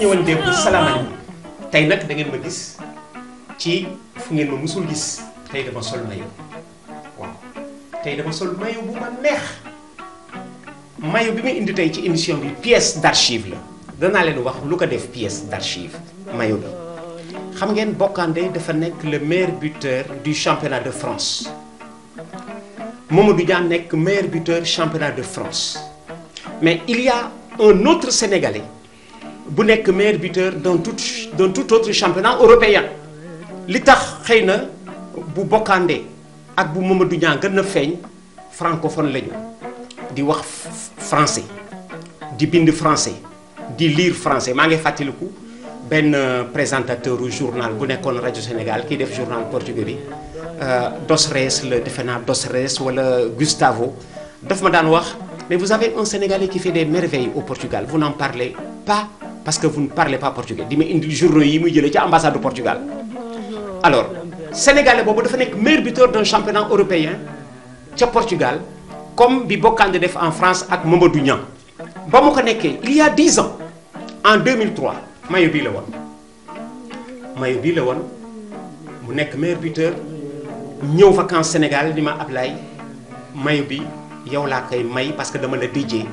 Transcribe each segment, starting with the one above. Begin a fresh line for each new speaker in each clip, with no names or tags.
ñëwoon démb salaamaaleykum ah, tey nag da ngeen ma gis ci fu ngeen ma musul gis tey dama sol maillot tey dama sol maillot bu ma neex maillot bi ma indi tey ci émission bi pièce d'archive la danaa leen wax lu ko def pièce d'archive mayo bi xam ngeen Bocandé dafa nekk le meilleur buteur du championnat de France Mamadou Dia nekk meilleur buteur championnat de France mais il y un autre Sénégalais bu nekk meilleur buteur d'un tout d'un tout autre championnat européen li tax xëy na bu Bokandé ak bu Mamadou Niang gën a feeñ francophone lañu di wax français di bind français di liir français maa ngi fàttaliku benn euh, présentateur journal bu nekkoon rajo Sénégal kii def journal portugais bi euh, Dos Reis la defe naa Dos Reis wala Gustavo daf ma daan wax mais vous avez un Sénégalais qui fait des merveilles au Portugal vous n'en parlez pas parce que vous ne parlez pas portugais di ma indi journaux yi muy jëlee ci ambassade du Portugal alors sénégalais boobu dafa nekk meilleur buteur d'un championnat européen ca Portugal comme bi Bocandé def en France ak Mamadou Niang ba mu ko nekkee il y a 10 ans en 2003 maillot bii la woon maillot bii la woon mu nekk meilleur buteur ñëw vacances Sénégal di ma Ablaye maillot bi yow laa koy may parce que dama la déjee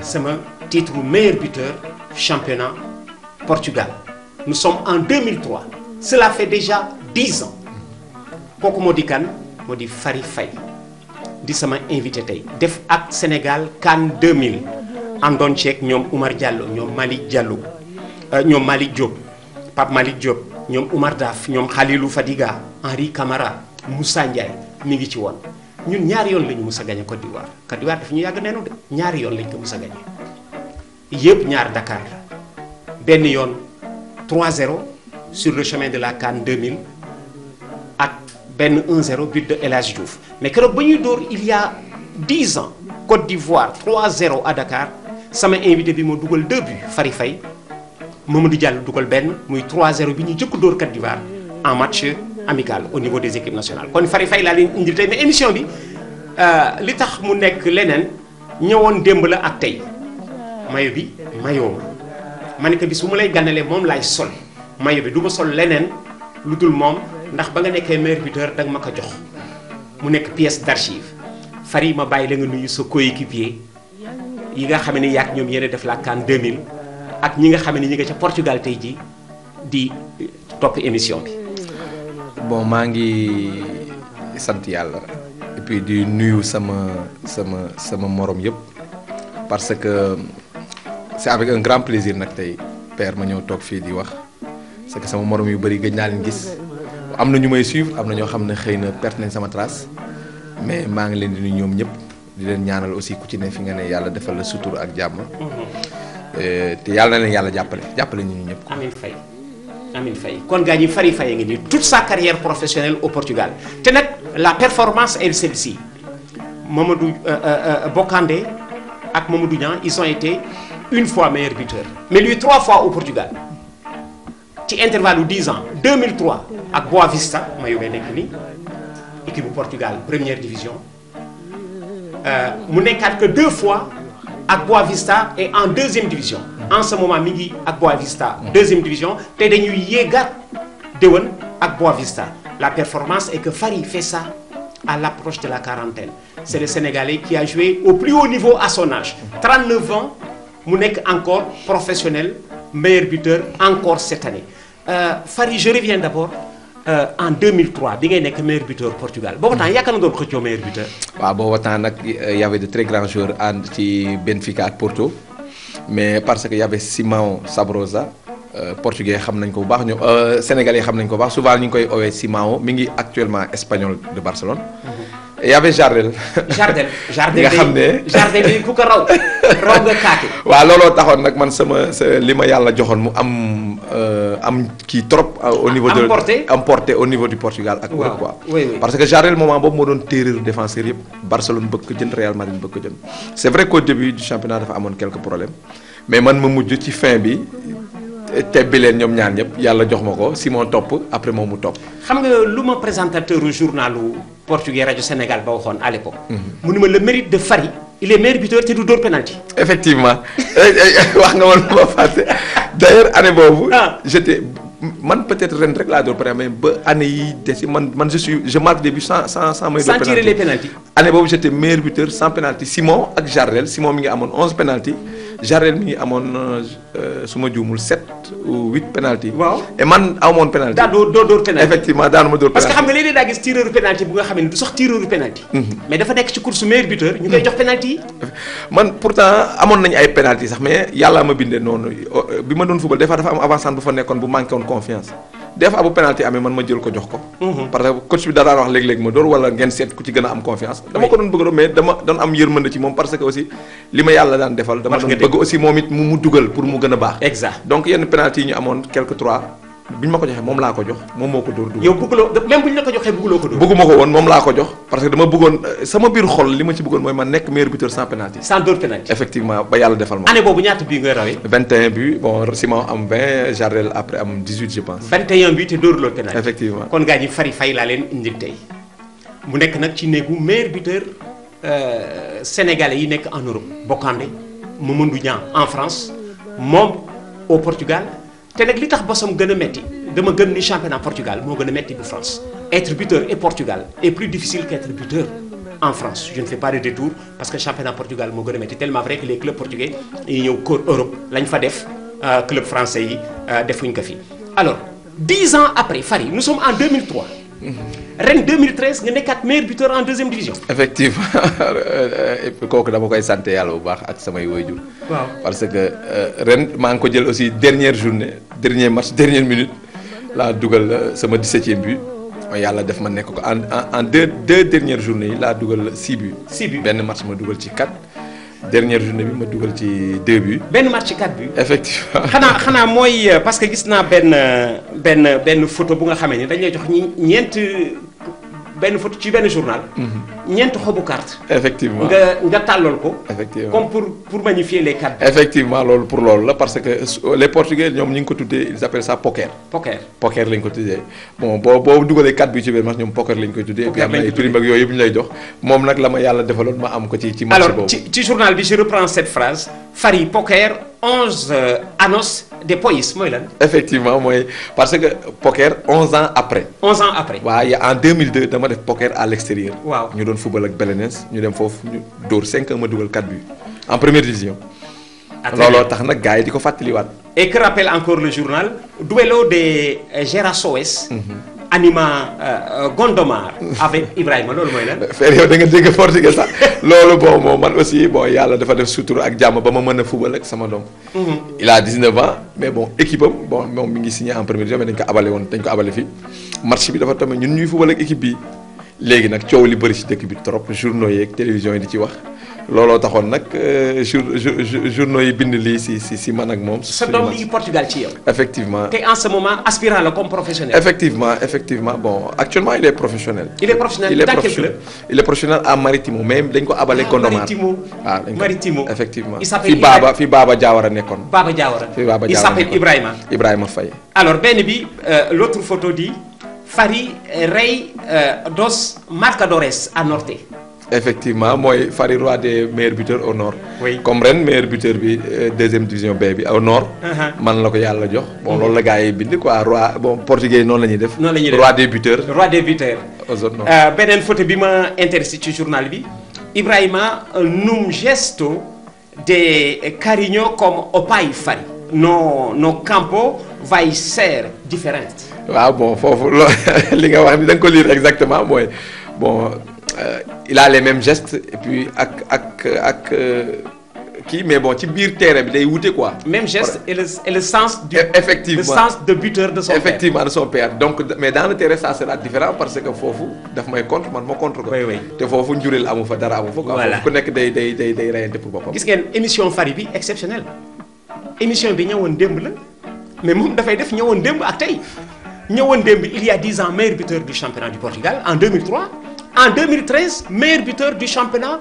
sama titre meilleur buteur championnat Portugal nous sommes en 2003 cela fait déjà 10 ans kooku moo di kan moo di fari fay di sama invité tey def ak Sénégal CAN 2000 àndoon ceeg ñoom Oumar Diallo ñoom Malick Diallo euh, ñoom Malick Diop Pape Malick Diop ñoom Oumar Daf ñoom Khalilou Fadiga Henri Camara Moussa Ndiaye mi ngi ci woon ñun ñaari yoon la ñu mus a gañe Côte d'Ivoire dafa ñu yàgg neenu de ñaari yoon lañ ko mus gañe yëpp ñaar Dakar benn yoon 3-0 sur le chemin de la CAN 2000 ak benn un 0 but de El Hadj Diouf mais keroog ba ñuy dóor il y a 10 ans Côte d'Ivoire 3-0 à Dakar sama invité bi moo dugal 2 buts Fary Faye Mamadou jàll dugal benn muy 3-0 bi ñu jëkk dóor Côte d'Ivoire en match amical au niveau des équipes nationales kon fari fay laa leen indil tey mais émission bi euh, li tax mu nekk leneen ñëwoon démb la ak tey. mayo bi mayoo ma ma bi su ma lay gànnalee moom laay sol mayo bi du ma sol leneen lu dul moom ndax ba nga nekkee maire buteur danga ma ko jox mu nekk pièce d'archive far yi ma bàyyi la nga nuyu sa coéquipier yi nga xam ne yaak ñoom yéen def la CAN 2000 ak ñi nga xam ne ñi nga ca Portugal tey ji di topp émission bi.
bon maa ngi sant yàlla et di nuyu sama sama sama moroom yëpp parce que c'est avec un grand plaisir nag tey père ma ñëw toog fii di wax parce que sama moroom yu bëri gëj naa leen gis am na ñu may suivre am na ñoo xam ne xëy na perte nañ sama tras mais maa ngi leen di nuyu ñoom ñëpp di leen ñaanal aussi ku ci ne fi nga ne
yàlla defal la sutur ak jàmm. Euh, te yàlla na leen yàlla jàppale jàppale ñu ñëpp. amiin fay amiin fay kon gars ñi fari fay ngi nii toute sa carrière professionnelle au Portugal te nag la performance est celle-ci Mamadou euh, euh, Bokandé ak une fois meilleur buteur mais lui trois fois au Portugal ci intervalle dix ans 2003 ak Boa Vista ma yóbbee nekk nii équipe bu Portugal première division euh, mu nekkat que deux fois ak bois Vista et en deuxième division. en ce moment mi ngi ak Boa Vista. deuxième division te dañuy yéegaat déwén ak Boa Vista la performance et que Fary fait à l'approche de la quarantaine c'est le Sénégalais qui a joué au plus haut niveau à son âge 39 ans. mu nekk encore professionnel meilleur buteur encore cette année euh, Fary je reviens d'abord euh, en 2003 bi ngay nekk meilleur buteur Portugal booba temps yaakaar na doon xëccoo meilleur buteur.
waaw booba temps nag y de très grands joueurs ànd ci Benfica ak Porto mais parce que y avait Simão Sabrosa euh, portugais xam nañ ko bu baax ñoom sénégalais xam nañ ko bu baax souvent ñu ngi koy owee Simão mi ngi actuellement espagnol de Barcelone. y avait Jardel. Jardel nga xam ne Jardel yi ku ko raw raw nga kaati. waaw looloo taxoon nag man sama sa li ma yàlla joxoon mu am euh, am kii trop. Euh, au niveau de emporté emporté au niveau du Portugal ak. waa quoi parce que Jardel moment boobu moo doon téeréeru défenseur yëpp. Barcelone bëgg ko jënd Real Madrid bëgg ko jënd c'est vrai qu'au début du championnat dafa amoon quelques problèmes mais man ma mujj ci fin bi. tebbi leen ñoom ñaan ñëpp yàlla jox ma ko si moo topp après moom mu topp.
xam portugais rajo Sénégal ba waxoon à l'époque. Mhm. mu mérite de Fary il est meilleur buteur te du dóor penalty. effectivement eh, eh, eh, wax nga woon ma fàtte d'ailleurs année boobu. Ah.
j'étais man peut-être ren rek la dóor pare mais ba année yi desi man man je suis je marque des buts sans sans sans. may dóor penalty sans boobu j'étais meilleur buteur sans penalty Simon ak Jardel Simon mi ngi amoon 11 penalty. Jarel mi amoon euh, su ma juumul sept ou huit penalty. waaw et man amoon penalty. daa doo doo dóor penalty effectivement daanu ma dóor penalty. parce que
xam nga léeg daa gis tireuru penalty bu nga xam ne du sax tireuru penalty. Mhm. mais dafa nekk ci course meilleur buteur. ñu koy jox penalty man
pourtant amoon nañu ay penalty sax mais yàlla ma bindee noonu oh, bi ma doon fubal des fois dafa am avancement bu fa nekkoon bu manqué on confiance. des fois bu penalty amee man ma jël ko jox ko. Mhm. parce que coach bi daan wax léeg-léeg ma door wala ngeen seet ku ci gën a am confiance. dama ko doon bëgg mais dama doon am yërmande ci moom parce que aussi li ma yàlla daan defal. dama doon bëgg aussi moom it mu mu dugal pour mu gën a baax. exact donc yenn penalty yi ñu amoon quelque trois. biñ ma ko joxee moom laa ko jox moom moo ko dóor dugg yow bëgguloo même buñ la ko joxee bëgguloo ko dóor bëgguma ko woon moom laa ko jox parce que dama bëggoon euh, sama biir xol li ma ci bëggoon mooy ma nekk meilleur buteur sans penalty sans dóor penalty effectivement ba yàlla defal ma année
mu nekk nag ci néegu meilleur buteur euh, sénégalais yi nekk en Europe Bocandé Mamadou Niang en France moom au Portugal te nag li tax ba som gën a metti dama gëm ni championnat Portugal moo gën a metti bu France être buteur et Portugal est plus difficile qu'être buteur en France je ne fais pas de détour parce que championnat Portugal moo gën a metti tellement vrai que les clubs portugais yi ñëw Europe lañ fa def euh, club français yi euh, defuñ ko fi alors dix ans après Fary nous sommes en Mm-hmm. ren 2013 nga nekkaat meilleur buteur en deuxième division.
effectivement euh, kooku dama koy sant yàlla bu baax ak samay waajur. waaw parce que euh, ren maa ngi ko jël aussi dernière journée dernier match dernière minute laa dugal euh, sama 17e but. yàlla def ma nekk ko en en deux deux dernières journées yi laa dugal 6 buts. 6 buts benn match ma dugal ci kat dernière
journée bi ma dugal
ci deux buts.
benn match ci quatre effectivement xanaa xanaa mooy euh, parce que gis naa benn euh, benn benn photo bu nga xamee ni dañ jox jox ñeent. benn photo ci benn journal. Mhm. ñeent xobu carte.
effectivement nga
nga tàllal ko. effectivement comme pour pour magnifier les cartes.
effectivement loolu pour loolu la parce que les portugais ñoom ñu ngi ko tuddee ils appellent ça poker. poker poker lañ ko tuddee boo boo dugalee carte bi ci biir match ñoom poker lañ koy tuddee. poker lañ koy tuddee ay prime ak yooyu yëpp ñu lay jox moom nag la ma yàlla defaloon am ko ci ci match boobu. alors ci
ci journal bi je reprends cette phrase Fari poker 11 des POIS mooy lan.
effectivement mooy parce que poker 11 ans après. 11 ans après waaw y' en 2002 dama def poker à l' extérieur. waaw ñu doon football ak Belenenses ñu dem foofu ñu dóor 5 ans ma dugal 4 buts en première division. looloo tax nag gars yi di ko fàttaliwaat.
et que rappelle encore le journal duello de Gera Soares. Mhm. anima euh, Gondomar. avec Ibrahima loolu mooy lan. fer yow
da nga dégg portugais sax loolu bon moom man aussi bon yàlla dafa def sutura ak jàmm ba ma mën a fubal ak sama doom. Mhm. il a 19 ans mais bon équipe am bon moom mi ngi signé en première division dañ ko abale woon dañ ko abale fii match bi dafa tamit ñun ñuy fubal ak équipe bi léegi nag coow li bëri si dëkk bi trop journaux yeeg télévision yi di ci wax. looloo taxoon nag euh, jour journaux yi bind lii si si si man ak moom. sa doom mi ngi
Portugal ci yow.
effectivement te
en ce moment aspirant la comme professionnel.
effectivement bon actuellement il est professionnel. il est professionnel dans quel club il est professionnel à Maritimo mais dañ ko abale Gondomar ah, Maritimo ah, Maritimo effectivement fi Baba fi Baba Diawara nekkoon.
Baba Diawara fi Baba Diawara il s'appelle Ibrahima
Ibrahima Faye.
alors benn bi euh, l'autre photo dit Fari Rey euh, dos Marcadores à Norte.
effectivement mooy Fary Roi des meilleurs buteurs au nord. comme ren meilleur buteur bi euh, deuxième division B bi au nord. Uh-huh. man la ko yàlla jox bon mm. loolu la gars yi bind quoi roi bon portugais noonu la ñuy def. noonu la ñuy def roi des buteurs. roi des buteurs. Euh,
beneen photo bi ma intéressé ci journal bi Ibrahima num gesto de Carigno comme Opaï Fari. nos nos campos vont ser différents.
waaw ah, bon foofu loo li nga wax ni da ko liir exactement mooy bon. Euh, il a les mêmes gestes ak ak ak euh, kii mais bon ci biir terrain bi day wute quoi. même geste
et le et le sens. du e, effectivement le sens
de buteur de son effectivement père. de son père donc mais dans le terrain ça sera différent parce que foofu daf may contre man ma contre ko. te foofu njureel amu fa dara amu fa. voilà foofu ku nekk day day day day rayante pour boppam. gis
ngeen émission Fari bi exceptionnelle émission bi ñëwoon démb la mais moom dafay def ñëwoon démb ak tey ñëwoon y a 10 ans meilleur buteur en 2013 meilleur buteur du championnat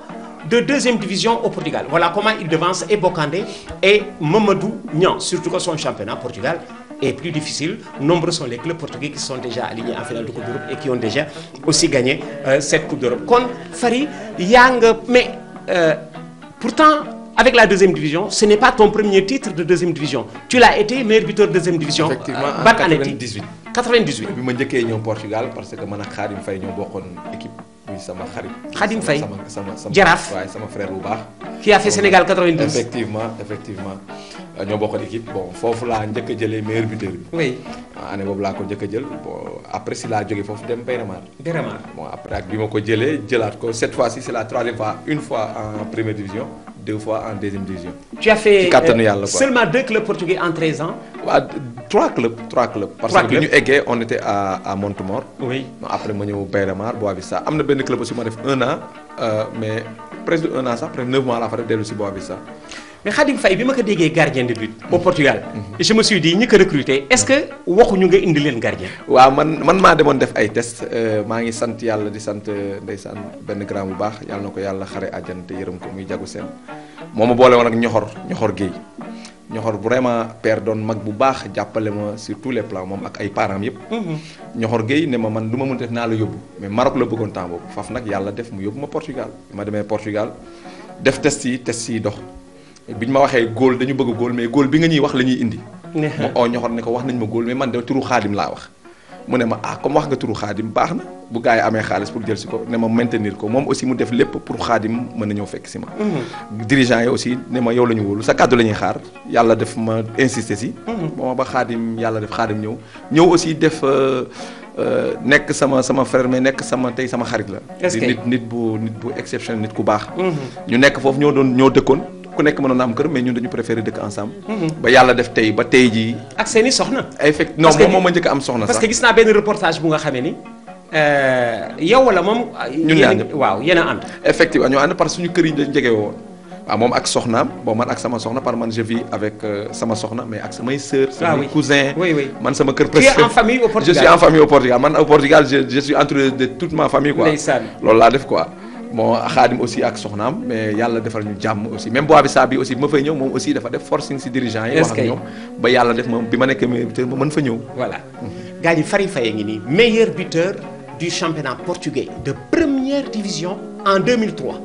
de deuxième division au Portugal voilà comment il devance et Bocandé et Mamadou Niang surtout que son championnat Portugal est plus difficile nombreux sont les clubs portugais qui sont déjà alignés en finale de Coupe d'Europe et qui ont déjà aussi gagné euh, cette Coupe d'Europe kon Fary yaa nga mais euh, pourtant avec la deuxième division ce n'est pas ton premier titre de deuxième division tu l'as été meilleur de deuxième division.
98. bi ma njëkkee ñëw Portugal parce que man ak Khadim Faye ñoo bokkoon équipe muy sama xarit. Khadim Faye sama jaraaf waaye sama frère bu baax.
qui a fait Sénégal
92 effectivement effectivement ñoo bokkoon équipe bon foofu laa njëkk a jëlee meilleur buteur bi. oui ah, année boobu laa ko njëkk jël après si laa jógee foofu dem Beyremar. Beyremar bon après ak bi ma ko jëlee jëlaat ko cette fois ci c'est la troisième fois une fois en première division. deux fois en deuxième division.
tu as fait euh, seulement deux clubs portugais en 13 ans. waaw trois
clubs trois clubs. parce que bi ñu eggee on était à à après ma ñëw Beira-Mar Boavista am na benn club aussi ma def un an euh, mais presque un an sax presque neuf mois laa fa def dellu si Boavista. mais Khadim Faye bi ma ko déggee gardien de but au Portugal. i je me suis dit ñi ko recruter est-ce que waxuñu nga indi leen gardien. waaw man maa demoon def ay test euh, maa ngi sant yàlla di sant ndeysaan benn grand bu baax yàlla na ko yàlla xare àjjana te yërëm ko muy jagu seen moo ma boole woon ak ñoxor ñoxor géey ñoxor vraiment per doon mag bu baax jàppale ma surtout tous les plans moom ak ay parents yëpp. ñoxor mhm. géey ne ma man du ma mën def naa la yóbbu mais Maroc la bëggoon temps boobu faf nag yàlla def mu yóbbu ma Portugal ma demee Portugal def test yi test yi dox. bi ñu ma waxee góol dañu bëgg góol mais góol bi nga ñuy wax la ñuy indi. ma oo ñoxoon ne ko wax nañ ma góol mais man de turu xaadim laa wax. mu ne ma ah comme wax nga turu xaadim baax na bu gaa yi amee xaalis pour jël si ko ne ma maintenir ko moom aussi mu def lépp pour xaadim mën a ñëw fekk si ma.
Mhm.
dirigeant yi aussi ne ma yow la ñu wóolu sa kàddu la ñuy xaar yàlla def ma insister si. Mhm. ba ma ba xaadim yàlla def xaadim ñëw ñëw aussi def. Euh, euh, nekk sama sama f mais nekk sama tey sama xarit la. nit bu nit bu exception nit ku baax. Mhm. ñu nekk ñoo doon ñoo dëkkoon. ku nekk mënoon na am kër mais ñun dañu préféré dëkk ensemble. ba yàlla def tey ba tey jii.
ak seen i soxna.
effect non moom moo ma njëkk am soxna sax. parce que gis
naa benn reportage bu nga xamee ni. Euh, yow wala moom. ñun yaa ñëpp waaw yéen a ànd. effectivement ñoo parce que suñu kër yi jege woon. waaw moom ak
soxnaam man ak sama soxna par man euh, sama soxna ah man sama kër presque. tu es en famille au Portugal je suis en famille au Portugal man au Portugal je je suis entouré de toute ma famille quoi. loolu laa def quoi. bon xaadim aussi ak soxnaam mais yàlla defal ñu jàmm aussi même boi bi saa bi aussi bi ma fay ñëw moom aussi dafa def forcing si dirigeant yi wax ak ñoom ba yàlla def ma bi fa
ñëw voilà mhm. gars yi Fary Faye ngi nii meilleur buteur du championnat portugais de première division en 2003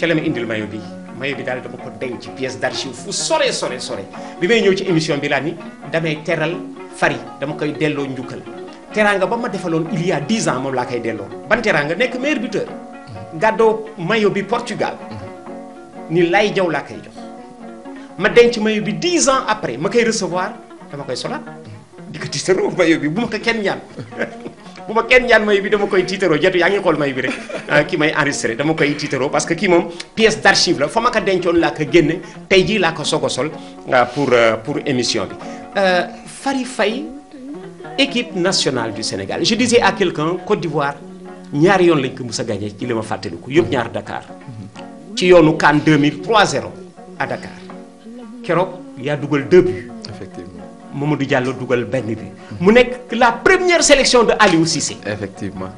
ma indil mayo bi mayo bi daal dama ko denc ci pièce d'archive fu sore sore sore bi may ñëw ci émission bi laa ni damay teral Fary dama koy delloo njukkal teraanga ba ma defaloon i y a 10 koy delloo gàddoo mayo bi Portugal ni laay jaw laa koy jox ma denc mayo bi dix ans après ma koy recevoir dama koy solaat di ko tiitaroo mayo bi bu ma ko kenn ñaan bu ma kenn ñaan mayo bi dama koy tiitaroo jotu yaa ngi xool mayo bi rek ah, ki may enregistré dama koy tiitaroo parce que kii moom pièce d'archive la fa ma ko dencoon laa ko génne tey jii laa ko soog a sol ah, pour euh, pour émission bi euh, Fary fay équipe nationale du Sénégal je disais à quelqu'un Côte d'Ivoire ñaari yoon lañ ko mus a gagné ci li ma fàttaliku yëpp mm-hmm. ñaar Dakar ci yoonu CAN 2000 3-0 à Dakar keroog yaa dugal deux buts effectivement Mamadou Diallo dugal benn bi mu nekk la première sélection de Aliou Cissé. effectivement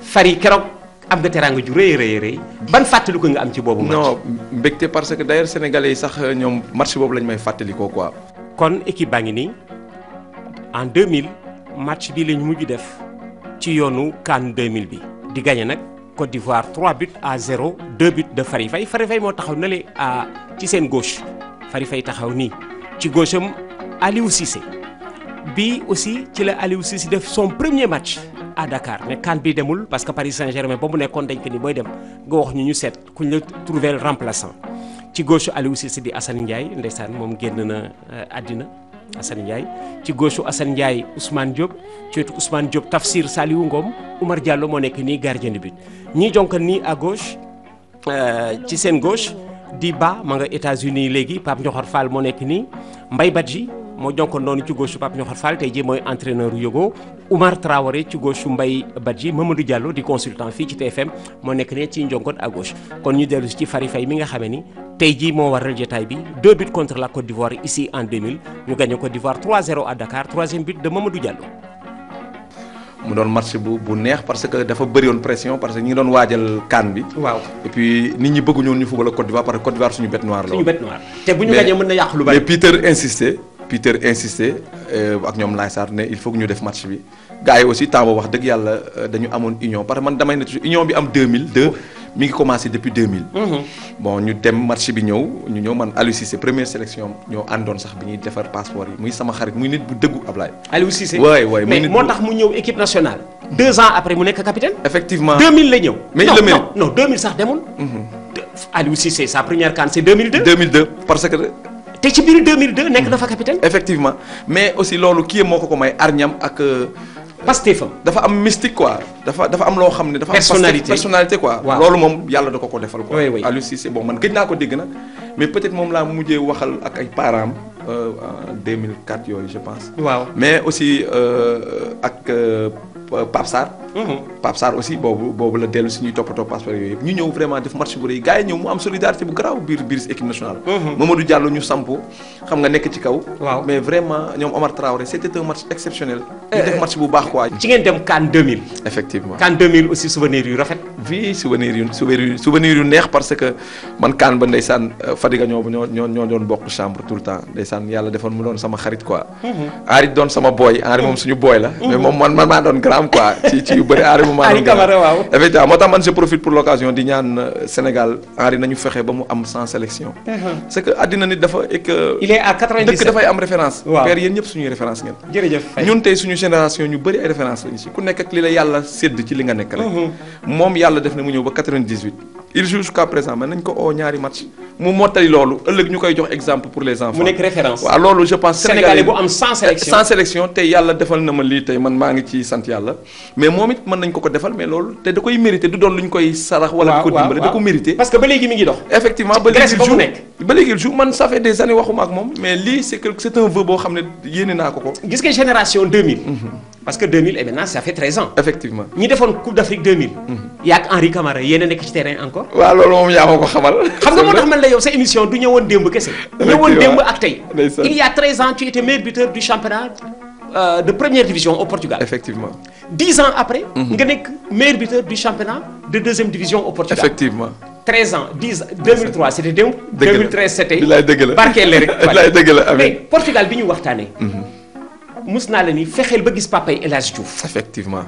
Fary keroog am nga teraanga ju rëy rëy rëy ban fàttaliku nga am ci boobu. match non mbégte parce que d'ailleurs sénégalais yi sax ñoom match boobu lañ may fàttalikoo quoi. kon équipe baa ngi nii en mille match bi lañu mujj def. ci yoonu deux mille bi di gagné nag Côte d'Ivoire 3 buts à 0 2 buts de Fary Faye Fary Faye moo taxaw na le ci seen gauche fari fay taxaw nii ci gauche am Aliou bi aussi ci la Aliou Cissé def son premier match à Dakar ne CAN bi demul parce que Paris Saint-Germain ba mu nekkoon dañ ko ni booy dem nga wax ñu ñu seet kuñ la trouver remplaçant ci gauche Aliou Cissé di Assane Ndiaye ndeysaan moom génn na euh, àddina Assane Ndiaye ci gauche Assane Ndiaye Ousmane Diop ci wetu Ousmane Diop Tafsir Saliou ngoom Oumar Diallo moo nekk nii gardien de but ñii jonkan nii à gauche euh, ci seen gauche di baa ma nga États-Unis léegi Pape Ndiokhor Fall moo nekk nii Mbaye Badji moo jonkoon noonu ci gauche Pape Ñoxor Fall tey ji mooy entraîneur Yogo Oumar Traoré ci gauche Mbaye Badji Mamadou Diallo di consultant fii ci TFM moo nekk ne ci njonkoon à gauche kon ñu dellu ci fari Faye mi nga xamee ni tey jii moo war jotaay bi deux buts contre la Côte d'Ivoire ici en 2000 ñu gagné Côte
mu doon match bu bu neex parce que dafa bari woon pression parce que ñi ngi doon waajal kaan bi. waaw et nit ñi bëgguñu woon ñu football Côte d'Ivoire parce que Côte d'Ivoire suñu Peter insisté euh, ak ñoom Laay Sarr ne il faut que ñu def match bi gars yi aussi temps wax dëgg yàlla euh, dañu amoon union parce man damay ne union bi am 2002 ngi commencé depuis 2000. Mhm. bon ñu dem match bi ñëw ñu ñëw man Aliou première sélection ñoo àndoon sax bi ñuy defar passeport yi muy sama xarit muy nit bu dëggu Ablaye.
Aliou Cissé waay waay mais moo tax mu ñëw équipe nationale. deux ans après mu nekk capitaine. effectivement la ñëw. mais il le mérite sax te ci biir deux 2002 nekk na fa hmm. capitaine. effectivement mais aussi loolu
kii moo ko ko may arñam ak. Euh, pastéfam dafa am mystique quoi dafa dafa am loo xam ne. dafa am personnalité quoi. loolu moom yàlla da ko ko defal. oui oui Aliou Cissé bon man gëj naa ko dégg nag. mais peut-être moom laa mujjee waxal ak ay parents euh, en 2004 yooyu je pense. waaw mais aussi euh, ak Pape Mhm. Pape Sarr aussi boobu boobu la dellu si ñuy toppatoo passeport yooyu ñu ñëw vraiment def match bu rëy gars yi ñëw mu am solidarité bu garaaw biir biir équipe nationale. Mhm. Mamadou Diallo ñu sampo xam nga nekk ci kaw. mais vraiment ñoom Omar Traoré c' était un match exceptionnel. ñu eh, def match bu baax quoi. ci ngeen dem CAN 2000. effectivement CAN 2000 aussi souvenirs yu rafet. vie souvenirs yu souvenirs yu neex parce que man kaan ba ndeysaan euh, Fadiga ñoo ñoo ñoo doon bokk chambre tout le temps ndeysaan yàlla defoon mu doon sama xarit quoi. Henri mhm. doon sama boy Henri moom suñu boy la. moom man maa doon grand quoi ci ci yu bëri Henri doon euh, Sénégal Henri nañu fexe ba mu am sans sélection. Mhm. c'est que àddina nit dafa et dëkk dafay am référence. waaw père yéen suñuy référence ngeen. ñun tey suñu génération ñu bëri ay référence lañu yàlla def na mu ñëw ba 98 il joue jusqu'à présent man nañ ko oo ñaari match mu mottali loolu ëllëg ñu koy jox exemple pour les enfants. waaw loolu je pense. Sénégalais bu am sans sélection te yàlla defal na ma lii tey man maa ngi ci sant yàlla mais moom it mën nañ ko ko defal mais loolu te da koy mérité du doon lu ñu koy sarax. wala ko dimbale da ko mérité. parce que ba léegi mi ngi dox. effectivement
ba léegi il joue man ça fait des années waxuma ak moom mais lii c' que c' ko. waaw loolu moom yaa ma xamal. xam nga moo tax man la yow émission du ñëwoon démb kese. ñëwoon démb ak tey. il y a 13 ans tu étais meilleur buteur du championnat euh, de première division au Portugal. effectivement 10 ans après. Mhm. nga nekk maire buteur du championnat de deuxième division au Portugal. effectivement. 13 ans 10 2003 c'était démb. dëgg la 2013 c'était. la barkeel rek. bilaay dëgg la mais Portugal bi ñu waxtaanee. Mhm. mus naa la ni fexeel ba gis papa yi El Hadj Diouf. effectivement.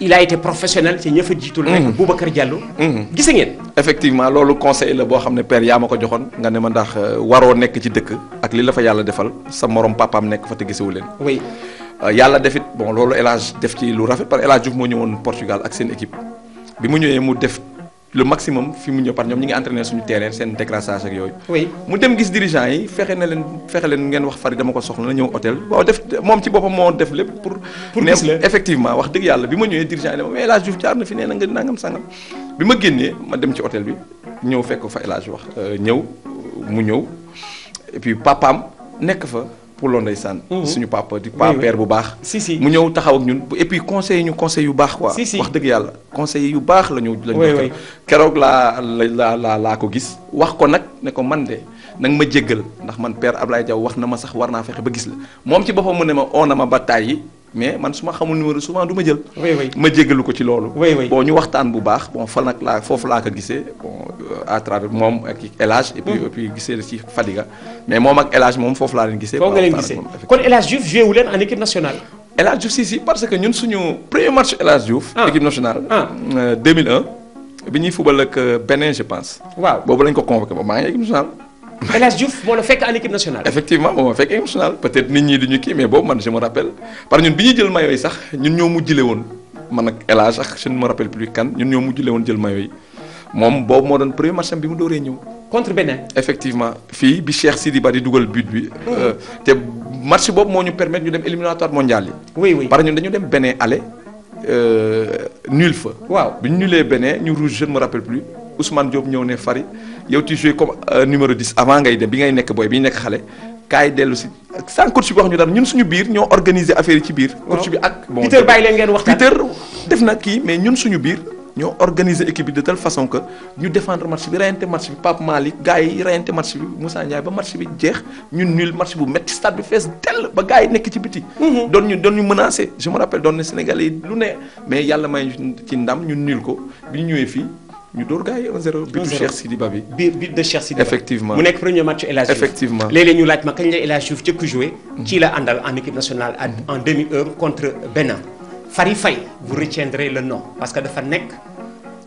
il a été professionnel ci ñëfa jiitul rek. Mm-hmm.
Boubacar Diallo. Mm-hmm. gise ngeen. effectivement loolu conseil la boo xam ne père yaa ma ko joxoon nga ne ma ndax euh, waroo nekk ci dëkk ak li la fa yàlla defal sa morom papaam nekk fa te gisewu leen. oui euh, yàlla it bon loolu El def ci lu rafet par El Hadj Diouf moo ñëwoon Portugal ak seen équipe bi mu ñëwee mu def. le maximum fi mu ñëw par ñoom ñi ngi entraîné suñu terrain seen décrassage ak yooyu. mu dem gis dirigeant yi fexe na leen fexe leen ngeen wax fari dama ko soxla na ñëw hôtel waaw def moom ci boppam moo def lépp pour. pour gis la effectivement wax dëgg yàlla bi ma ñëwee dirigeant yi ne ma mais El Hadj Diouf jaar na fi nee nga nangam sangam bi ma génnee ma dem ci hôtel bi ñëw fekk fa El Hadj wax. Euh, ñëw mu ñëw et puis papaam nekk fa. Poulo ndeysaan. Mhm. suñu papa di pa père bu baax. si si mu ñëw taxaw ak ñun et puis conseil ñu conseil yu baax quoi. wax dëgg yàlla conseil yu baax la ñu. la keroog laa la laa ko gis. wax ko nag ne ko man de nag ma jéggal ndax man père Ablaye Diaw wax na ma sax war naa fexe ba gis la moom ci boppam mu ne ma oo na ba tàyyi mais man su ma xamul numéro souvent du ma jël. ma jéggalu ko ci loolu. bon ñu waxtaan bu baax bon fan nag laa foofu laa ko gisee bon euh, à travers moom ak El Hadj. et puis hmm. et puis gisee ci Fadiga mais moom ak El Hadj moom foofu laa leen gisee. foofu nga leen gisee kon El Hadj Diouf leen en équipe nationale. El Hadj si si parce que ñun suñu premier match El Hadj Diouf. Ah. équipe nationale. 2001 ah. euh, bi ñuy fubal ak euh, Benin je pense. waaw boobu lañ ko convoqué ba maa ngi
El Hadj Diouf moo la fekk en équipe nationale.
effectivement moo ma fekk équipe nationale peut être nit ñi du ñu kii mais boobu man je me rappelle par ñun bi ñuy jël maillot yi sax ñun ñoo mujjule woon man ak El Hadj ak je ne me rappelle plus kan ñun ñoo mujjule woon jël maillot yi moom boobu moo doon premier match am bi mu dooree ñëw. contre Bénin. effectivement fii bi Cheikh Sidi Ba di dugal but bi. Hmm. Euh, te match boobu moo ñu permettre ñu dem éliminatoire mondial par ñun dañu dem Bénin aller euh, nul waaw bi ñu nulee Bénin ñu rouge je ne me rappelle plus Ousmane ñëw ne Fari. yow ti joué comme euh, numéro 10 avant ngay dem bi ngay nekk booy bi ñu nekk xale kaay dellu si sans coach bi wax ñu dara ñun suñu biir ñoo organiser affaire yi ci biir. coach bi ak bon Peter bàyyi leen ngeen waxtaan Peter def na kii mais ñun suñu biir. ñoo organiser équipe bi de telle façon que ñu défendre match bi reyante match bi Pape Malick gars reyante match bi Moussa Ndiaye ba match bi jeex ñun nul match bu métti stade bi fees dell ba gars nekk ci biti. Mhm. doon ñu doon ñu menacé je me rappelle doon na Sénégalais yi lu ne mais ci ndam ñu nul ko bi ñu ñëwee fii. ñu dóor gars yi 1 bi bit de Cheikh Sidi Babi effectivement mu nekk premier
match El Hadj Diouf effectivement léeg-léeg ñu laaj ma kañ la El Hadj Diouf ci mhm. la àndal en équipe nationale mhm. en demi heure contre Bénin. Fary Faye vous retiendrez le nom parce que dafa nekk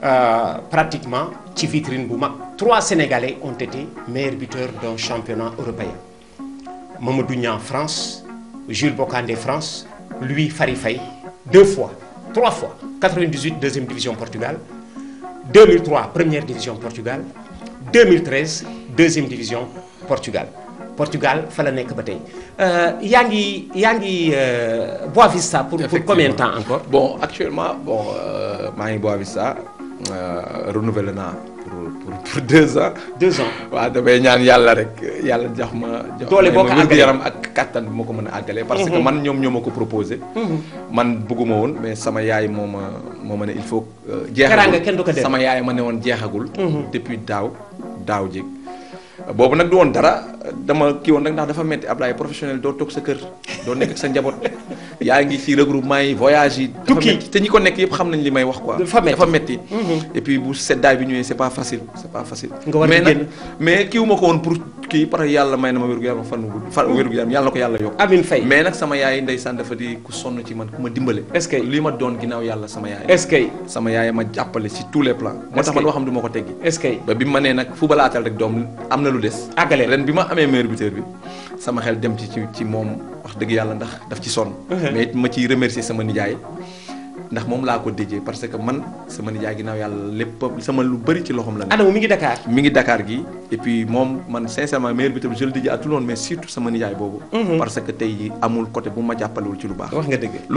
euh, pratiquement ci vitrine bu mag trois sénégalais ont été meilleurs buteurs d'un championnat européen Mamadou Niang France Jules Bocandé France lui fari fay deux fois trois fois 98 deuxième division Portugal. 2003 première division Portugal 2013 deuxième division Portugal Portugal fa la nekk ba tey euh, yaa ngi yaa ngi euh, Boavista pour pour combien de temps encore. bon actuellement bon euh, maa ngi Boavista
renouvelé na pour pour deux ans. deux ans waaw damay ñaan yàlla rek yàlla jox ma. doole boo ko àggalee jox yaram ak kattan bi ma ko mën a àggalee. parce que mhm. man ñoom ñoo ma ko proposé. Mhm. man bëgguma woon mais sama yaay moo ma moo ma ne il faut. Euh, jeexagul sama yaay ma ne woon jeexagul. Mhm. depuis daaw daaw jéeg. boobu nag du woon dara dama kii woon nag ndax dafa metti Ablaye professionnel doo toog sa kër doo nekk sa njaboot yaa ngi ci regroupement yi voyage yi. tukki te ñi ko nekk yëpp xam nañ li may wax quoi. dafa metti mhm. et puis bu seddaay bi ñëwee c'est a génn mais kiiwu ma ko woon pour kii parce que yàlla may na ma wér gu fan wu wér gu ma dimbale. yàlla sama yaay. est sama yaay ma jàppale ci tous les plans. moo tax man waxam du ko teggi. est ba bi ma nee nag fu balaatal rek doom am na lu des. àggale ren bi ma amee meilleur buteur bi ndax daf ci sonn. mais ma ciy remercier sama nijaay. ndax moom laa ko déjee parce que man sama nijaay ginnaaw yàlla lépp sama lu bëri ci loxoom la. Adama mi ngi Dakar. mi gi et puis moom man sincèrement meilleur bi tamit je le déjee sama nijaay boobu. Mhm. parce que tey jii amul côté bu ma jàppalewul ci lu baax. wax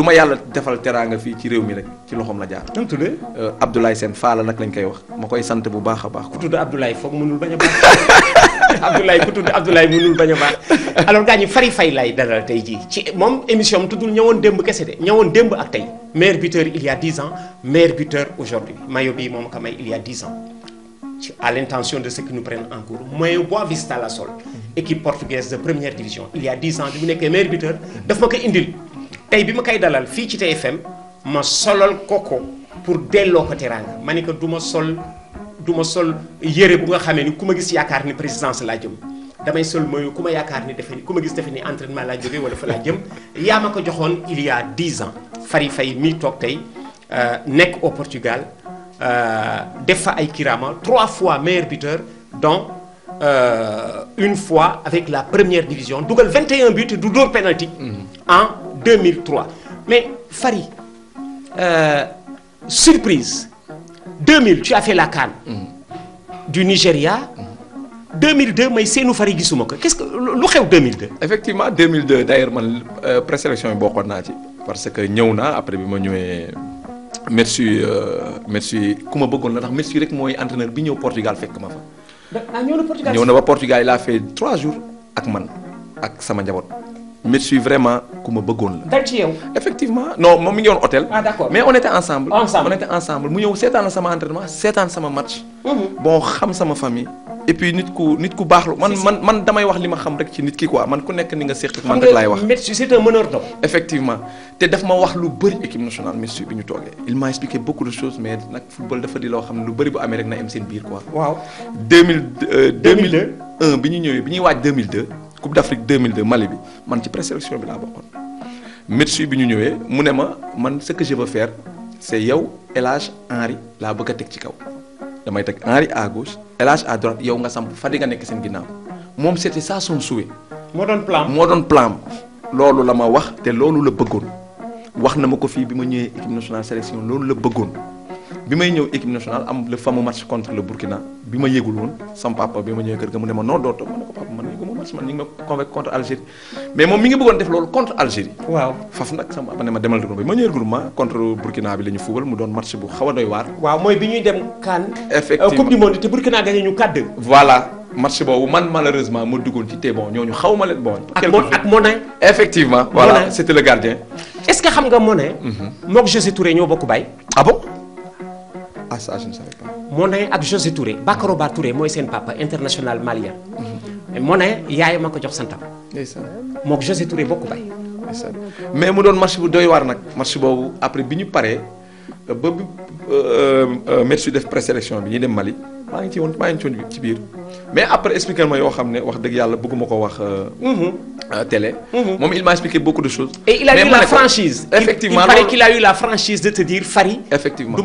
ma yàlla defal teraanga fii ci réew mi rek ci loxoom la jaar. na mu tuddee euh, Abdoulaye Sène
Faala nag lañ koy wax ma koy sant bu baax a baax. ku tudd Abdoulaye foog mënul bañ baax. Abdoulaye ku tudd a baax alors gars ñi Fary Faye lay dalal tey jii ci moom émission am tuddul ñëwoon démb kese de ñëwoon démb ak tey meilleur buteur il y a 10 ans meilleur buteur aujourd'hui maillot bi moom ko may il y a 10 ans ci à l'intention de ceux qui nous prennent en cours mooy Boavista la sol équipe portugaise de première division il y a 10 ans bi mu nekkee meilleur buteur daf ma ko indil tey bi ma koy dalal fii ci tey TFM ma solal koko pour delloo ko teraanga ma ne sol du ma sol yére bu nga xamee ni ku ma gis yaakaar ni présidence laa jëm damay sol mooy ku ma yaakaar ni defe ku ma gis defe ni entraînement laa jógee wala fa laa jëm yaa ma ko joxoon il y a far ans fay Faye mi toog tey euh, nekk au Portugal euh, def fa ay Kirama trois fois meilleur buteur dont euh, une fois avec la première division dugal 21 buts du dóor penalty mhm. en 2003 mais Fary surprise deux mille as fait la CAN. Mm. du Nigéria. 2002 mm. may seenu fari gisuma ko qu'est-ce que lu xew 2002. effectivement 2002 d'ailleurs man euh, présélection yi bokkoon
naa ci. parce que ñëw naa après bi ma ñëwee merci euh, merci ku ma bëggoon la ndax merci rek mooy entraîneur bi ñëw Portugal fekk ma fa.
Ah, ñëw na Portugal ñëw na ba
Portugal il a fait 3 jours ak man ak sama njaboot. Metsu vraiment ku ma bëggoon la. dal ci yow. effectivement non moom mi ngi woon hôtel. ah d'accord mais on ensemble. ensemble on était ensemble mu ñëw seetaan sama entraînement seetaan sama match. Mm-hmm. bon xam sama famille. et puis nit ku nit ku baax lu man man man damay wax li ma xam rek ci nit ki quoi man ku nekk ni nga seq man rek laay wax. Metsu c'est un meneur d'hommes. effectivement te daf ma wax lu bëri équipe nationale Metsu bi ñu toogee. il m'a expliqué beaucoup de choses mais nag football dafa bu amee rek na am Coupe d'Afrique Mali bi man ci présélection bi laa bokkoon médecin bi ñu ñëwee mu ne ma man ce que a veux faire c'est yow El Hadj Henry laa bëgg a teg ci kaw damay teg Henry à gauche El Hadj à droite yow nga samp fa di a nekk seen ginnaaw moom c'était ça son souhait. moo doon plan moo loolu la ma wax te loolu la bëggoon wax na ma ko fii bi ma ñëwee équipe nationale sélection loolu la bëggoon bi may ñëw équipe nationale am le fameux match contre le Burkina bi ma yëgul woon sama papa bi ma ñëwee kër ga mu ne France man ñu ngi ma convoqué contre Algérie mais moom mi ngi bëggoon def loolu contre Algérie waaw faf nag sama ma ne ma demal ba ma ñëwee groupement contre Burkina bi la ñu mu doon match bu xaw a doy waar waaw mooy bi
ñuy dem CAN
effectivement te Burkina gagné ñu 4 voilà match boobu man malheureusement ma duggoon ci te bon ñooñu xaw ma leen bon ak Monet effectivement voilà c'était le gardien
est que xam nga Monet mhm. mook José Touré ñoo bokk Ah, ça, je ne savais pas. Mon nañ ak José Touré Bakoroba mooy seen papa international malien. moo ne yaayam ma ko jox santam. ndeysaan moog José Touré bokk bay. mais mu
doon match bu doy waar nag match boobu après bi ñu paree ba bi euh, euh, euh, Metsu def présélection bi ñuy dem Mali. maa ngi ci woon maa ngi ci woon biir mais après expliqué yoo xam ne wax dëgg yàlla bëgguma ko wax. Euh, mm-hmm. euh, télé. Mm-hmm. moom il m'a expliqué beaucoup de choses. et il a la franchise. effectivement il paraît qu'il a eu la franchise de te dire Fary. effectivement du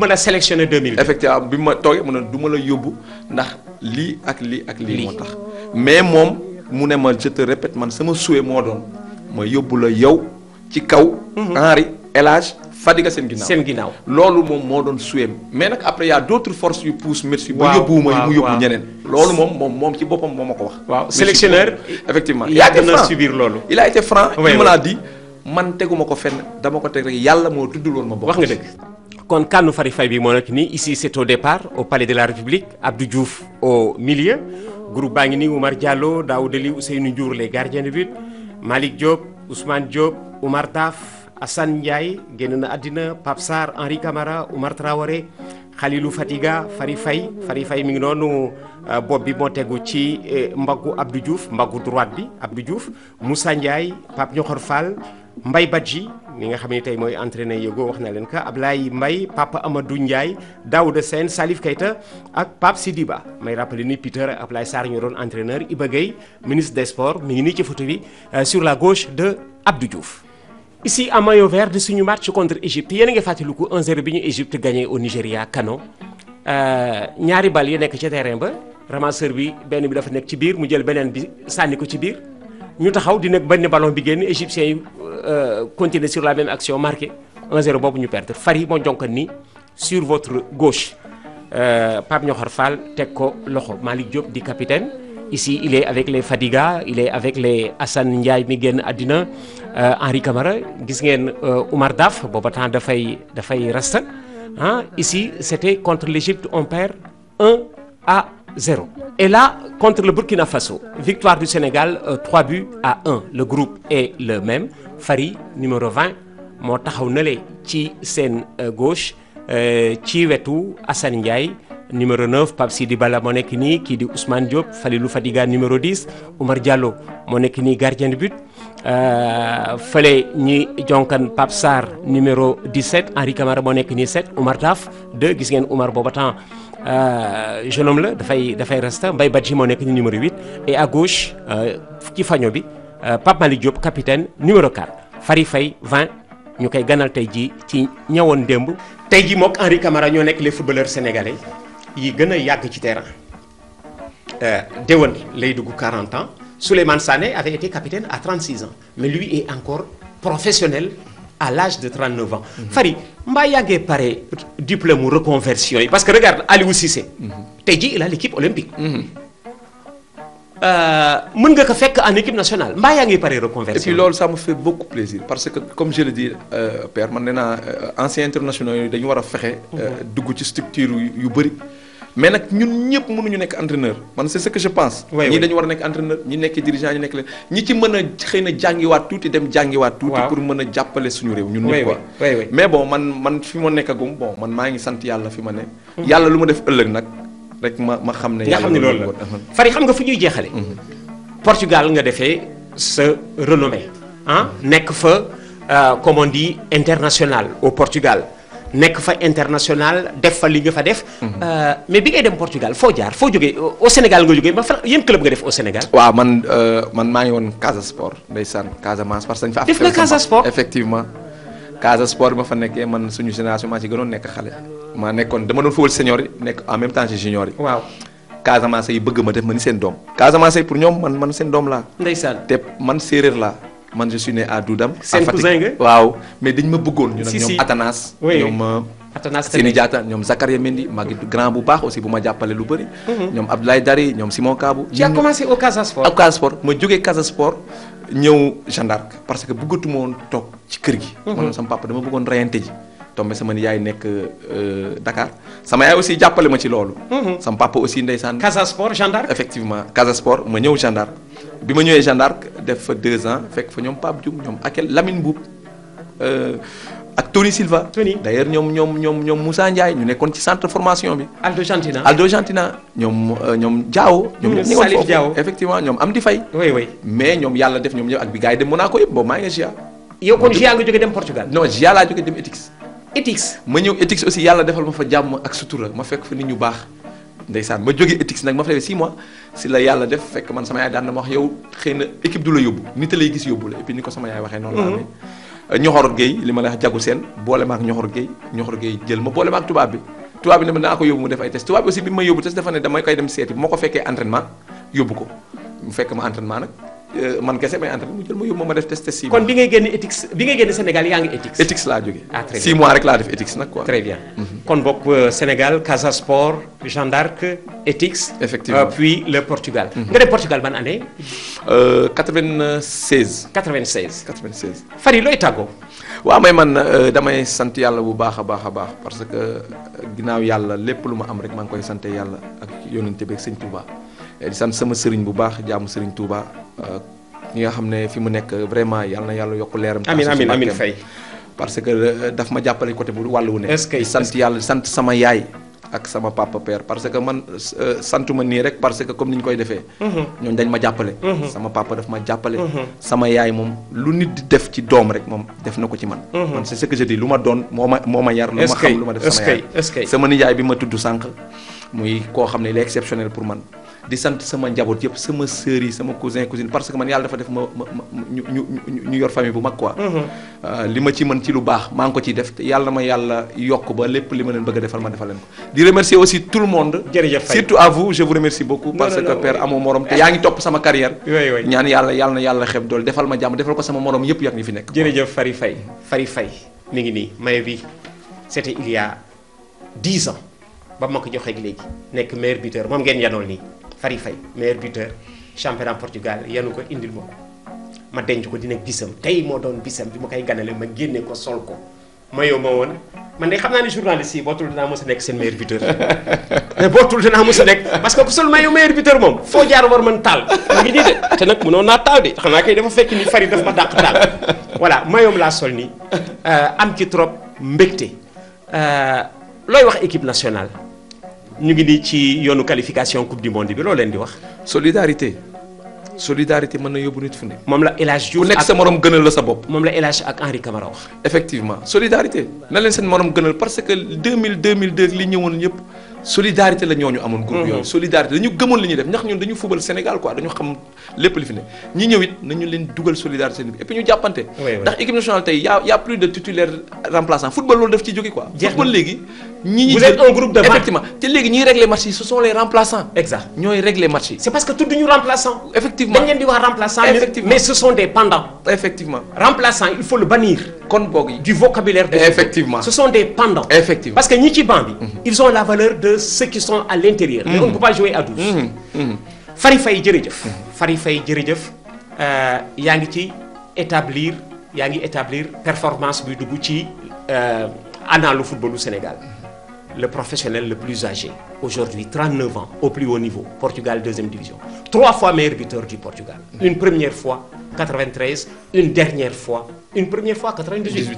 bi ma toogee mu ne du la yóbbu ndax lii ak lii ak lii moo tax. mais moom mu ne ma je te man sama souhait moo doon ma yóbbu la yow ci kaw. Mm-hmm. Henri El Fadiga seen ginnaaw seen ginnaaw. loolu moom moo doon suweem mais nag après y' a d' autres forces yu pousse Metsu. waaw ba yóbbuwuma mu yóbbu ñeneen. loolu moom moom moom ci boppam moo ma ko wax. waaw sélectionneur effectivement yàgg na loolu. il a été franc man teguma ko fenn dama ko teg rek yàlla moo tuddul woon ma bokk. wax nga dëgg
kon kànnu fari Faye bi moo nekk nii ici c' est au départ au palais de la République Abdou Diouf au milieu groupe baa ngi nii Oumar Diallo Daouda Ly Ousseynou Ndiour les gardiens de but Malick Diop Ousmane Diop Oumar Taf Assane Ndiaye génn na àddina Pape Sarr Henri Camara Oumar Traoré Khalilou Fatiga Fari fay Fari fay mi ngi noonu euh, bopp bi moo tegu ci euh, mbaggu Abdou Diouf mbaggu droite bi Abdou Diouf Moussa Ndiaye Pape Ñoxor Fall Mbaye Badji mi nga xam ne tey mooy entraîneur yego wax na leen ka Ablaye mbay Papa Amadou Ndiaye Daouda seen Salif kayta ak Pape Sidiba may rappelé ni Peter ak Ablaye Sarr ñu doon entraîneur Iba Gueye ministre des mu ngi nii ci photo bi euh, sur la gauche de ici à maillot vert suñu match contre Égypte yéen a ngi fàttaliku 1-0 bi ñu Égypte gagné au Nigéria Kano euh, ñaari bal yi nekk ci terrain ba ramasseur bi benn bi dafa nekk ci biir mu jël beneen bi sànni ko ci biir ñu taxaw di nekk benn ballon bi génn égyptiens yi euh, continuer sur la même action marqué 1-0 boobu ñu perdre Fary moo jonkan ni sur votre gauche euh, Pape Ñoxor Fall teg ko loxo Malick Diop di capitaine ici il est avec les Fadiga il est avec les Assane Ndiaye mi génn àddina Euh, Henri Camara gis ngeen euh, Oumar Daf booba temps dafay dafay rasta ah ici c'était contre l'Égypte on perd 1 à 0 et là contre le Burkina Faso victoire du Sénégal 3 euh, buts à 1 le groupe est le même Fary numéro 20 moo taxaw nale ci seen gauche ci wetu Assane Ndiaye numéro 9 Pape Sidi bala moo nekk nii kii di Ousmane Diop lu Fadiga numéro 10 Oumar Diallo moo nekk nii gardien de but euh, fële ñi jonkan Pape Sarr numéro 17 Henri Camara moo nekk nii 7 Oumar Daf 2 gis ngeen Oumar booba temps euh, jeune homme la dafay dafay resta Mbaye Badji moo nekk nii numéro 8 et gauche ci euh, faño bi Pape Malick Diop capitaine numéro 4 fari fay 20 ñu koy ganal tey jii ci ñawoon démb tey jii mook Henri Camara ñoo nekk les footballeurs sénégalais yi gën a yàgg ci terrain euh, déwén lay dugg 40 ans Souleymane Sané avait été capitaine à 36 ans mais lui est encore professionnel à l'âge de 39 ans. Mhm. fari mbaa yaa ngi pare diplôme mu reconversion yi parce que regarde Aliou Cissé. Mhm. tey jii il a l'équipe olympique. Mhm. Euh, mën nga ko fekk en équipe nationale mbaa yaa ngi pare reconversion. et puis loolu ça me fait beaucoup plaisir parce que comme je le
dis euh, père man nee naa anciens dañu war a fexe. dugg ci structure yu bëri. mais nag ñun ñëpp mënuñu nekk entraîneur man c'est ce que je pense. ñii dañu war a nekk entraîneur ñi nekk dirigeant ñi nekk leen ñi ci mën a xëy na jàngiwaat tuuti dem jàngiwaat. tuuti pour mën a jàppale suñu réew. ñun ñëpp quoi mais bon man man fi ma nekkagum bon man maa ngi sant yàlla fi ma ne. Mhm. yàlla
lu ma def ëllëg nag rek ma ma xam ne. yàlla loolu la mhm. fari xam nga fu ñuy jeexale mhm. Portugal nga defee sa renommée ah nekk fa euh, comme on dit international au Portugal. nekk fa international def fa li nga fa def. Mhm. Euh, mais bi ngay dem Portugal foo jaar foo jógee au Sénégal nga jógee ba fan yéen club nga def au Sénégal. waaw
man euh, man maa ngi woon Casa Sport ndeysaan Casamance parce que dañ effectivement. Casa Sport ma fa nekkee man suñu génération maa ci gënoon nekk xale. maa nekkoon dama doon fóol senior yi nekk en même temps ci junior yi. waaw Casamance yi bëgg ma def ma ni seen doom. Casamance yi pour ñoom man man seen doom laa. ndeysaan te man séeréer laa. man je suis né à Doudam. seen nga waaw mais dañ ma bëggoon. ñu si ñoom Atanas. ñoom euh, Atanas Sini Diatta ñoom Zakaria Mendy maa ngi grand bu baax aussi bu ma jàppalee lu bari mhm. ñoom Abdoulaye Dari ñoom Simon Kabou. tu as commencé au Casa Sport. ma jógee Casa Sport ñëw Jeanne d'Arc parce que bëggatuma woon toog ci kër gi. Mhm. maanaam sama papa dama bëggoon reyante ji. tombé sama yaay nekk euh, Dakar sama yaay aussi jàppale ma ci loolu. Mhm. sama papa aussi ndeysaan. Casa Sport Jeanne d'Arc effectivement Casa Sport ma ñëw Jeanne d'Arc bi ma ñëwee Jeanne d'Arc def fa deux ans fekk fa ñoom Pape Diouf ñoom Akel Lamine Boub euh, ak Tony Silva. Tony d' ailleurs ñoom ñoom ñoom ñoom Moussa Ndiaye ñu nekkoon ci centre formation bi. Aldo Gentina Aldo Gentina ñoom euh, ñoom ñoom mm, ñëpp ñëwoon foofu effectivement ñoom am di fay. mais ñoom yàlla def ñoom ñëpp ak bi gars yi dem Monaco yëpp boobu maa ngi GIA. éthique ma ñëw éthique aussi yàlla defal ma fa jàmm ak sutura ma fekk fa nit ñu baax ndeysaan ma jógee éthique nag ma fa defee si la yàlla def fekk man sama yaay daan na ma wax yow xëy na équipe du la yóbbu nit lay gis yóbbu la et puis ni ko sama yaay waxee noonu la mhm. amee ñoxor gay li ma la wax jagu seen boole maak ñoxor gay ñoxor gay jël ma boole ak tubaab bi tubaab bi ne ma naa ko yóbbu mu def ay test tubaab bi aussi bi ma yóbbu test dafa ne damay koy dem seeti bu ko fekkee entraînement yóbbu ko mu fekk ma entraînement nag Euh, man kese may entraîné mu jël ma yóbbu ma def test six mois. kon bi ngay génn éthique bi ngay génn Sénégal yaa
ngi éthique. éthique laa jógee. ah très bien six mois rek laa def éthique nag quoi. très bien mhm. kon bokk euh, Sénégal Casa Sport Jeanne d'Arc éthique. effectivement euh, puis le Portugal. Mhm. nga dem Portugal ban année. 96. 96 96. Fary looy tàggoo.
waaw may man damay sant yàlla bu baax a baax a baax parce que ginnaaw yàlla lépp lu ma am rek maa koy sant yàlla ak yónnante beeg sëñ Touba. Eh, di sant sama sëriñ bu baax jaamu sëriñ Touba eh, ñi nga xam ne fi mu nekk vraiment yal na yàlla yokk leeram. amiin amiin amiin fay parce que eh, daf ma jàppale côté bu wàllu wu ne. est-ce que di sant yàlla sant sama yaay. ak sama papa père parce ni ñu koy defee. Mhm. ñooñu dañ ma jàppale. Mhm. sama ma jàppale. Mhm. sama yaay moom lu nit di def ci doom rek moom def na ko man. man c'est ce que je dis lu ma doon moo yaay bi ma tudd sànq. muy koo xam ne il est exceptionnel pour man. di sant sama njaboot yëpp sama sœur yi sama cousin cousine parce que man yàlla dafa def ma ma ñu ñu ñu yor famille bu mm-hmm. euh, li ma ci mën ci lu baax maa ngi ko ciy def te yàlla ma yàlla yokk ba lépp li ma leen bëgg defal ma defal leen ko. di remercier aussi tout le monde. jërëjëf surtout à vous je vous remercie beaucoup. parce que père amoo morom te yaa ngi topp sama carrière.
ñaan yàlla yàlla na yàlla xeeb dool defal ma jàmm defal ko sama morom yëpp yàgg ñu fi nekk. jërëjëf Fary Faye Fary ngi nii maye bi c'était il y a dix ans ba ma ko joxeeg léegi nekk meilleur buteur moom ngeen yanool nii Fary Faye meilleur buteur championnat Portugal yenu ko indil ma ma denc ko dina bisam tey moo doon bisam bi ma koy ganale ma génne ko sol ma yow ma woon man de xam naa ne journaliste yi bootul dinaa mos a nekk seen meilleur buteur mais bootul dinaa mos a nekk parce que bu sol maillot meilleur buteur moom foo jaar war mën taal mu ngi nii de te nag fekk ni Fary daf ma laa sol nii euh, am ci trop mbégte euh, looy wax équipe nationale. ñu ngi di ci yoonu qualification coupe du monde bi loo leen di wax. solidarité solidarité mën na yóbbu nit fu ne. moom la El nekk sa morom gënal la sa bopp. moom la El Hadj ak Henri Camara wax.
effectivement solidarité na leen seen morom gënal parce que 2000 2002 li ñëwoon yëpp. solidarité la ñooñu amoon groupe mhm. yooyu solidarité dañu gëmoon li ñu def ndax ñu dañu fubal Sénégal quoi dañu xam lépp li fi ne ñi ñëw it nañu leen dugal solidarité bi ñu jàppante ndax équipe nationale tey y a y a plus de titulaire remplaçant football ñi ñi jël un groupe de effectivement te
léegi ñiy régler match yi ce sont les remplaçants. exact ñooy régler match yi. c'est parce que tudduñu remplaçant. effectivement dañ leen on wax remplaçant. effectivement mais ce sont des pendants. effectivement remplaçant il faut le bannir. kon boog du vocabulaire. de effectivement ce sont des pendants. effectivement parce que ñi ci banc bi. Mhm. ils ont la valeur de ceux qui sont à l'intérieur. mais on ne mhm. jouer à douze. Mhm. Fary Faye jërëjëf. Fary Faye jërëjëf euh, yaa ngi ci établir yaa ngi établir performance buy dugg ci. Euh, ana lu footballu Sénégal le professionnel le plus âgé, aujourd'hui 39 ans, au plus haut niveau, Portugal deuxième division. Trois fois meilleur buteur du Portugal. Une première fois 93, une dernière fois, une première fois 98. 18. Mm-hmm.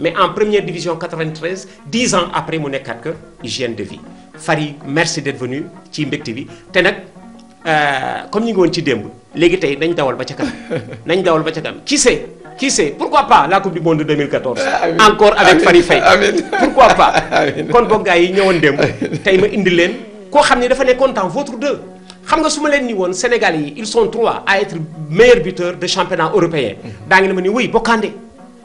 Mais en première division 93, 10 ans après mu nekkaat que hygiène de vie. Fary merci d'être venu ci mbégte bi te nag euh, comme ñu ngi woon ci démb léegi tey nañ dawal ba ca kanam nañ dawal ba ca kanam qui sait qui sait pourquoi pas la coupe du monde 2014. Amin. encore avec Fary Faye. pourquoi pas. kon boog yi ñëwoon dem tey ma indi leen koo xam ne dafa nekkoon temps votre deux. xam nga su ma leen ni woon Sénégalais yi ils sont trois à être meilleurs buteurs de championnat européen. daa ngi ne ma ni oui Bokandé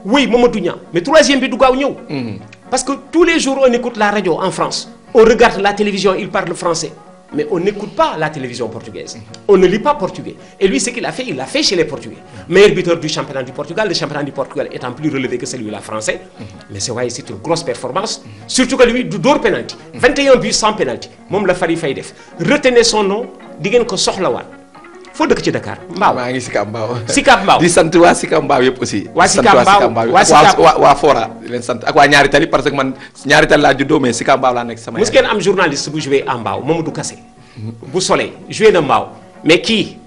oui Mamadou Niang mais troisième bi du ñëw. Mm-hmm. parce que tous les jours on écoute la radio en France. on regarde la télévision il parle français. mais on n'écoute pas la télévision portugaise. On ne lit pas portugais. Et lui, ce qu'il a fait, il l'a fait chez les Portugais. Meilleur buteur du championnat du Portugal, le championnat du Portugal étant plus relevé que celui-là français. Mais c'est vrai, c'est une grosse performance. Surtout que lui, door penalty. 21 sans penalty. Mom la Fari Faydef. Retenez son nom, diguen ko soxlawaat. foo dëkk ci Dakar Mbaaw maa Mbaaw. di sant
waa Sicap Mbaaw yëpp aussi. waa Sicap Mbaaw waa Sicap waa waa Fora
di leen sant ak waa Ñaari Tali parce que man Ñaari Tali laa juddoo mais Sicap Mbaaw laa nekk sama. mos ngeen am journaliste bu joué à Mbaaw Mamadou Kassé. bu Soleil joué na Mbaaw mais kii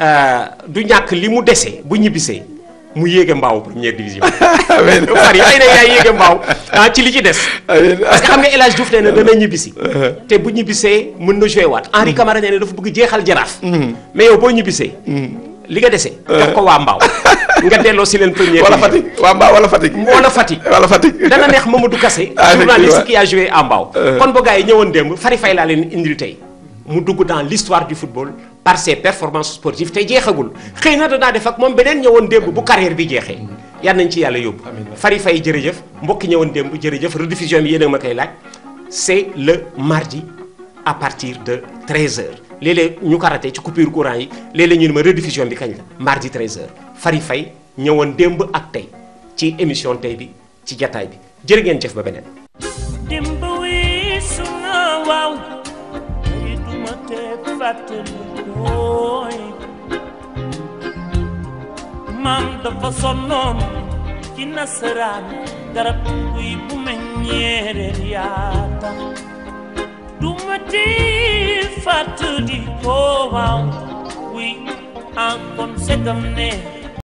euh, du ñàkk li mu dese bu ñibbisee. mu yéege mbaaw première division. amiin far yi ay na yaay yéege mbaaw ah ci li ci des. parce que xam nga El Hadj Diouf nee na dana ñibbisi. Uh-huh. te bu ñibbisee mën na joué waat. Henri mm-hmm. Camara nee ne dafa bëgg jeexal jaraaf. Mm-hmm. mais yow boo ñibbisee. Mm-hmm. li nga dese. Uh-huh. jox ko waa Mbaaw. nga delloo si leen première. wala Fatick waa Mbaaw wala Fatick. wala Fatick wala Fatick. dana neex Mamadou Kassé. journaliste qui a joué à Mbaaw. Uh-huh. kon ba gars yi ñëwoon démb fari fay laa leen indil tey mu dugg dans l'histoire du football par ses performances sportives te jeexagul xëy na danaa def ak moom beneen ñëwoon démb bu carrière bi jeexee yal nañ ci yàlla yóbbu fari fay jërëjëf mbokki ñëwoon démb jërëjëf a ma koy laaj à partir de 13h léeg ñu karate ci coupure courant yi léeg-léeg ñu ne ma rediffusion bi kañ la mardi 13h fari fay ñëwoon démb ak tey ci émission tey bi ci jataay bi jërë ngeen jëf ba beneen maam dafa sonnoon ci nasaraan garab guy bu meññeereen yaata du ma di fàtt di ko waaw oui segam ne